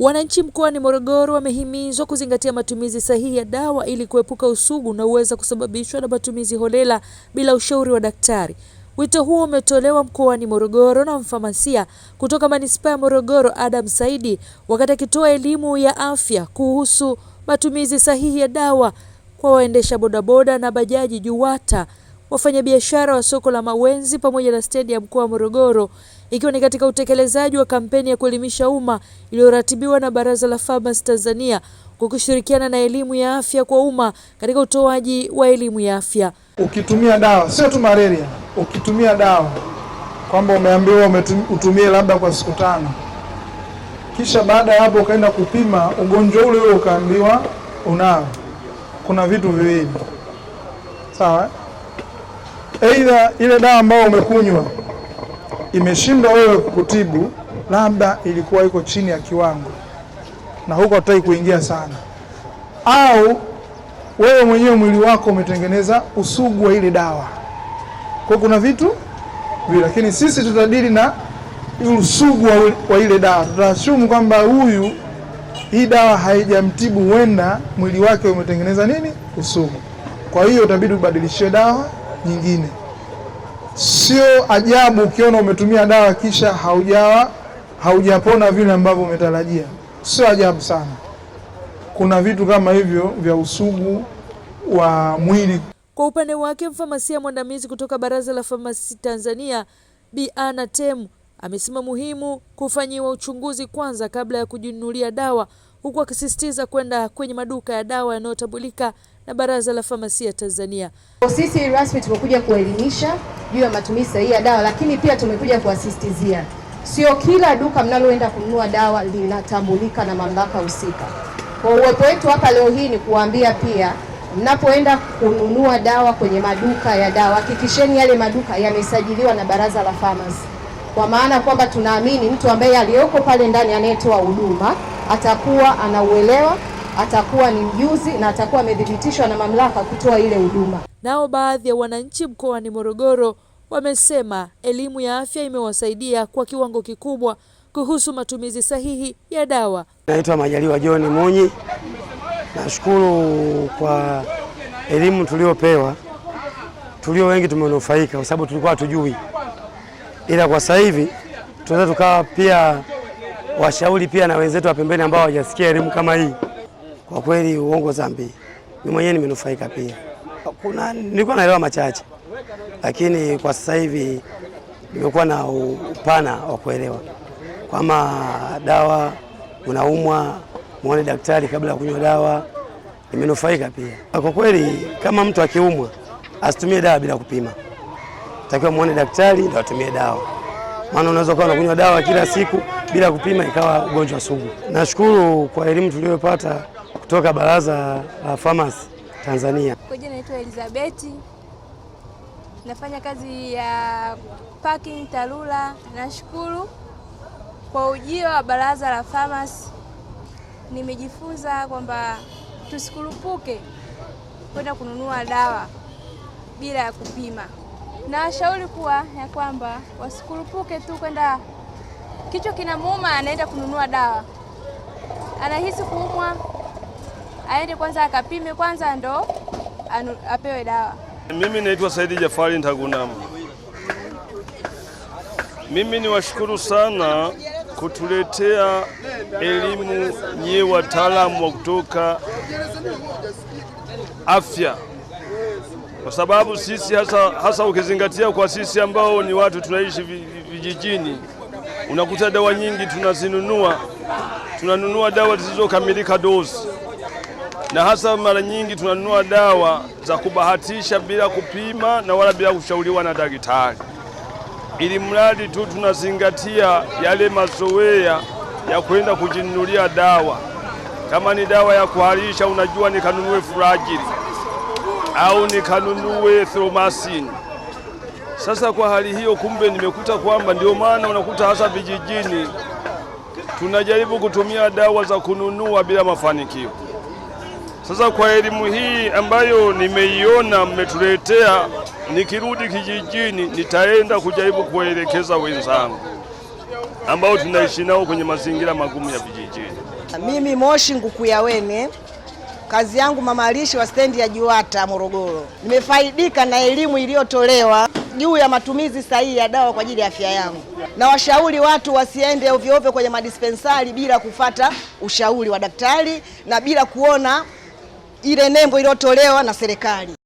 Wananchi mkoani Morogoro wamehimizwa kuzingatia matumizi sahihi ya dawa ili kuepuka usugu unaoweza kusababishwa na matumizi holela bila ushauri wa daktari. Wito huo umetolewa mkoani Morogoro na mfamasia kutoka manispaa ya Morogoro Adam Saidi wakati akitoa elimu ya afya kuhusu matumizi sahihi ya dawa kwa waendesha bodaboda na bajaji JUWATA, wafanyabiashara wa soko la Mawenzi pamoja na stendi ya mkoa wa Morogoro ikiwa ni katika utekelezaji wa kampeni ya kuelimisha umma iliyoratibiwa na Baraza la Famasi Tanzania kwa kushirikiana na elimu ya afya kwa umma katika utoaji wa elimu ya afya. Ukitumia dawa sio tu malaria, ukitumia dawa kwamba umeambiwa utumie labda kwa siku tano, kisha baada ya hapo ukaenda kupima ugonjwa ule ule ukaambiwa unao, kuna vitu viwili sawa, aidha ile dawa ambayo umekunywa imeshindwa wewe kutibu, labda ilikuwa iko chini ya kiwango na huko hatutaki kuingia sana, au wewe mwenyewe mwili wako umetengeneza usugu wa ile dawa. Kwa kuna vitu vile, lakini sisi tutadili na usugu wa, ile dawa. tutashumu kwamba huyu hii dawa haijamtibu, huenda mwili wake umetengeneza nini, usugu. Kwa hiyo utabidi ubadilishie dawa nyingine. Sio ajabu ukiona umetumia dawa kisha haujawa haujapona vile ambavyo umetarajia, sio ajabu sana. Kuna vitu kama hivyo vya usugu wa mwili. Kwa upande wake, mfamasia mwandamizi kutoka Baraza la Famasi Tanzania Bi Ana Temu amesema muhimu kufanyiwa uchunguzi kwanza kabla ya kujinunulia dawa, huku akisisitiza kwenda kwenye maduka ya dawa yanayotambulika na Baraza la Famasia Tanzania. Sisi rasmi tumekuja kuelimisha juu ya matumizi sahihi ya dawa, lakini pia tumekuja kuasistizia sio kila duka mnaloenda kununua dawa linatambulika na mamlaka husika. Kwa uwepo wetu hapa leo hii ni kuambia pia, mnapoenda kununua dawa kwenye maduka ya dawa, hakikisheni yale maduka yamesajiliwa na Baraza la Famasi, kwa maana kwamba tunaamini mtu ambaye aliyoko pale ndani anayetoa huduma atakuwa anauelewa atakuwa ni mjuzi na atakuwa amedhibitishwa na mamlaka kutoa ile huduma. Nao baadhi ya wananchi mkoani Morogoro wamesema elimu ya afya imewasaidia kwa kiwango kikubwa kuhusu matumizi sahihi ya dawa. Naitwa Majaliwa John Munyi. Nashukuru kwa elimu tuliopewa, tulio wengi tumenufaika kwa sababu tulikuwa hatujui, ila kwa sasa hivi tunaweza tukawa pia washauri pia na wenzetu wa pembeni ambao hawajasikia elimu kama hii. Kwa kweli uongo zambi, mimi mwenyewe nimenufaika pia. Kuna nilikuwa naelewa machache, lakini kwa sasa hivi nimekuwa na upana wa kuelewa kwama dawa unaumwa, muone daktari kabla ya kunywa dawa. Nimenufaika pia kwa kweli. Kama mtu akiumwa asitumie dawa bila kupima, takiwa muone daktari ndio atumie dawa, maana unaweza ukawa unakunywa dawa kila siku bila kupima ikawa ugonjwa sugu. Nashukuru kwa elimu tuliyopata kutoka Baraza la Famasi Tanzania. Kwa jina naitwa Elizabeth, nafanya kazi ya parking TARURA. Nashukuru kwa ujio wa Baraza la Famasi, nimejifunza kwamba tusikurupuke kwenda kununua dawa bila ya kupima, na washauri kuwa ya kwamba wasikurupuke tu kwenda, kichwa kinamuuma anaenda kununua dawa, anahisi kuumwa aende kwanza akapime kwanza ndo anu, apewe dawa. Mimi naitwa Saidi Jafari Ntagunama. Mimi ni washukuru sana kutuletea elimu nyie wataalamu wa kutoka afya, kwa sababu sisi hasa, hasa ukizingatia kwa sisi ambao ni watu tunaishi vijijini, unakuta dawa nyingi tunazinunua, tunanunua dawa zisizokamilika dozi na hasa mara nyingi tunanunua dawa za kubahatisha bila kupima na wala bila kushauriwa na daktari, ili mradi tu tunazingatia yale mazoea ya kwenda kujinunulia dawa. Kama ni dawa ya kuharisha, unajua nikanunue furajili au nikanunue thromasini. Sasa kwa hali hiyo, kumbe nimekuta kwamba ndio maana unakuta hasa vijijini tunajaribu kutumia dawa za kununua bila mafanikio. Sasa kwa elimu hii ambayo nimeiona mmetuletea, nikirudi kijijini nitaenda kujaribu kuwaelekeza wenzangu ambao tunaishi nao kwenye mazingira magumu ya vijijini. Mimi Moshi Ngukuyawene, kazi yangu mamalishi wa stendi ya Juwata Morogoro. Nimefaidika na elimu iliyotolewa juu ya matumizi sahihi ya dawa kwa ajili ya afya yangu, na washauri watu wasiende ovyo ovyo kwenye madispensari bila kufata ushauri wa daktari na bila kuona ile nembo iliyotolewa na serikali.